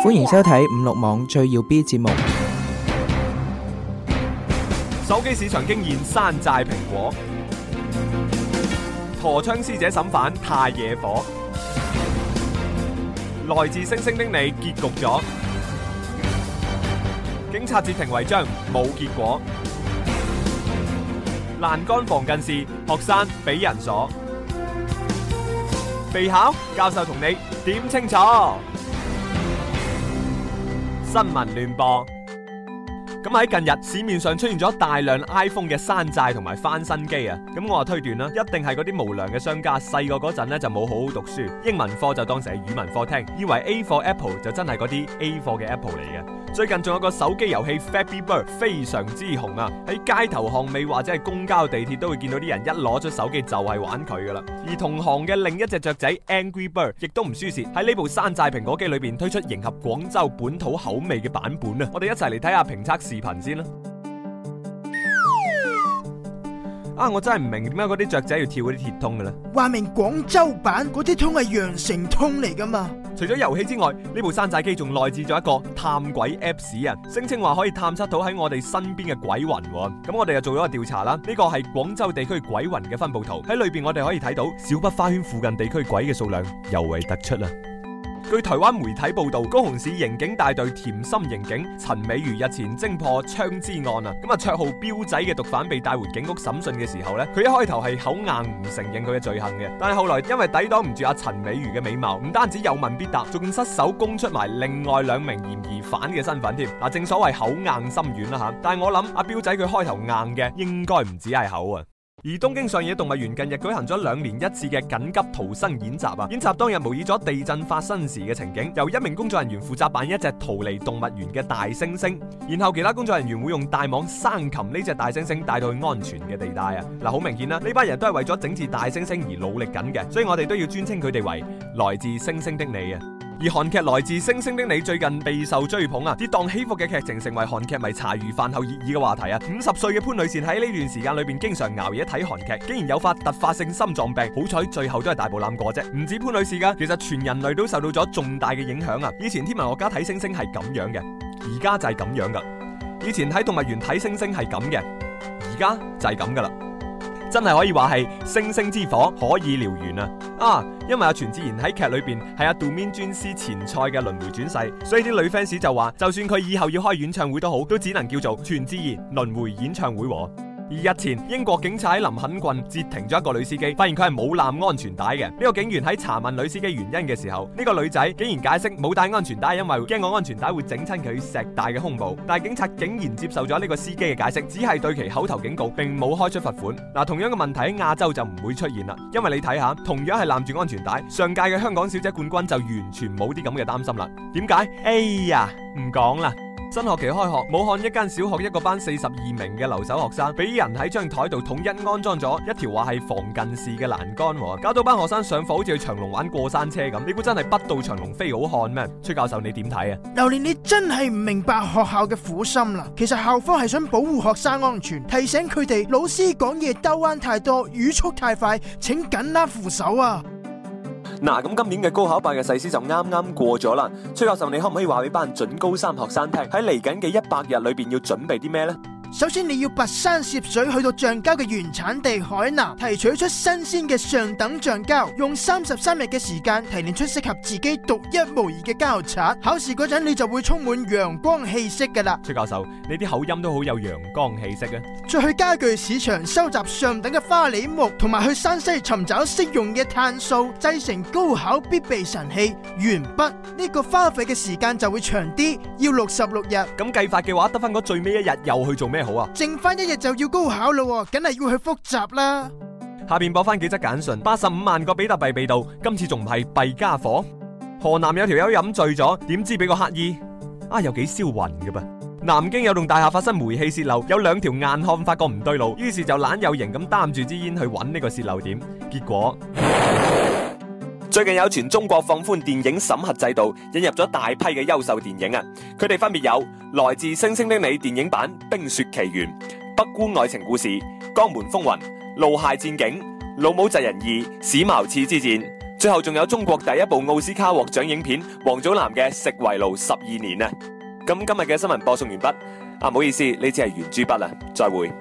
歡迎收睇《五六網最耀 B 節目》。手機市場經驗山寨蘋果，陀槍師姐審犯太惹火，來自星星的你結局咗，警察截停違章冇結果，欄杆防近視，學生俾人鎖，備考教授同你點清楚？新聞聯播，咁喺近日市面上出現咗大量 iPhone 嘅山寨同埋翻新機啊，咁我就推斷啦，一定係嗰啲無良嘅商家細個嗰陣咧就冇好好讀書，英文課就當成係語文課聽，以為 A for Apple 就真係嗰啲 A 貨嘅 Apple 嚟嘅。最近仲有個手機遊戲 Flappy Bird 非常之紅啊！喺街頭巷尾，或者係公交地鐵都會見到啲人一攞出手機就係玩佢噶啦。而同行嘅另一隻雀仔 Angry Bird 亦都唔輸蝕，喺呢部山寨蘋果機裏邊推出迎合廣州本土口味嘅版本啊！我哋一齊嚟睇下評測視頻先啦。啊！我真係唔明點解嗰啲雀仔要跳嗰啲鐵通噶啦？話明廣州版嗰啲通係羊城通嚟噶嘛？除咗遊戲之外，呢部山寨機仲內置咗一個探鬼 Apps 啊，聲稱話可以探測到喺我哋身邊嘅鬼魂喎。咁我哋又做咗個調查啦，呢個係廣州地區鬼魂嘅分佈圖，喺裏邊我哋可以睇到小北花圈附近地區鬼嘅數量尤為突出啊。據台灣媒體報道，高雄市刑警大隊甜心刑警陳美如日前偵破槍支案啊，咁啊綽號彪仔嘅毒販被帶回警局審訊嘅時候呢，佢一開頭係口硬唔承認佢嘅罪行嘅，但係後來因為抵擋唔住阿陳美如嘅美貌，唔單止有問必答，仲失手供出埋另外兩名嫌疑犯嘅身份添。嗱，正所謂口硬心軟啦吓，但係我諗阿彪仔佢開頭硬嘅，應該唔止係口啊。而東京上野動物園近日舉行咗兩年一次嘅緊急逃生演習啊！演習當日模擬咗地震發生時嘅情景，由一名工作人員負責扮一隻逃離動物園嘅大猩猩，然後其他工作人員會用大網生擒呢隻大猩猩帶到去安全嘅地帶啊！嗱，好明顯啦，呢班人都係為咗整治大猩猩而努力緊嘅，所以我哋都要尊稱佢哋為來自猩猩的你啊！而韓劇來自星星的你最近備受追捧啊！跌宕起伏嘅劇情成為韓劇迷茶餘飯後熱議嘅話題啊！五十歲嘅潘女士喺呢段時間裏邊經常熬夜睇韓劇，竟然有發突發性心臟病，好彩最後都係大步冧過啫！唔止潘女士㗎，其實全人類都受到咗重大嘅影響啊！以前天文學家睇星星係咁樣嘅，而家就係咁樣㗎；以前喺動物園睇星星係咁嘅，而家就係咁㗎啦。真係可以話係星星之火可以燎原啊！啊，因為阿全智賢喺劇裏邊係阿杜敏俊師前菜嘅輪迴轉世，所以啲女 fans 就話，就算佢以後要開演唱會都好，都只能叫做全智賢輪迴演唱會喎。而日前，英國警察喺林肯郡截停咗一個女司機，發現佢係冇攬安全帶嘅。呢個警員喺查問女司機原因嘅時候，呢個女仔竟然解釋冇帶安全帶，因為驚個安全帶會整親佢碩大嘅胸部。但係警察竟然接受咗呢個司機嘅解釋，只係對其口頭警告，並冇開出罰款。嗱，同樣嘅問題喺亞洲就唔會出現啦，因為你睇下，同樣係攬住安全帶，上屆嘅香港小姐冠軍就完全冇啲咁嘅擔心啦。點解？哎呀，唔講啦。新學期開學，武漢一間小學一個班四十二名嘅留守學生，俾人喺張台度統一安裝咗一條話係防近視嘅欄杆，搞到班學生上課，好似去長隆玩過山車咁。你估真係不到長隆非好漢咩？崔教授你，你點睇啊？劉連，你真係唔明白學校嘅苦心啦。其實校方係想保護學生安全，提醒佢哋老師講嘢兜彎太多，語速太快，請緊握、啊、扶手啊！嗱，咁今年嘅高考百日誓師就啱啱過咗啦。崔教授，你可唔可以話俾班準高三學生聽，喺嚟緊嘅一百日裏面要準備啲咩呢？首先你要跋山涉水去到橡膠嘅原產地海南，提取出新鮮嘅上等橡膠，用三十三日嘅時間提煉出適合自己獨一無二嘅膠擦。考試嗰陣你就會充滿陽光氣息噶啦。崔教授，你啲口音都好有陽光氣息啊！再去家具市場收集上等嘅花梨木，同埋去山西尋找適用嘅碳素，製成高考必備神器鉛筆。呢個花費嘅時間就會長啲，要六十六日。咁計法嘅話，得翻個最尾一日又去做咩？咩好啊？剩翻一日就要高考咯，啊，梗係要去復習啦。下邊播翻幾則簡訊：八十五萬個比特幣被盜，今次仲唔係弊傢伙。河南有條友飲醉咗，點知俾個乞兒啊，有幾消魂噶噃？南京有棟大廈發生煤氣泄漏，有兩條硬漢發覺唔對路，於是就懶有型咁擔住支煙去揾呢個泄漏點，結果。最近有傳中國放寬電影審核制度，引入咗大批嘅優秀電影啊！佢哋分別有來自星星的美電影版、冰雪奇緣、北姑愛情故事、江門風雲、怒海戰警、老母擇人二、史茅刺之戰，最後仲有中國第一部奧斯卡獲獎影片王祖藍嘅《食為奴十二年》啊！咁今日嘅新聞播送完畢，啊唔好意思，呢支係圓珠筆啦，再會。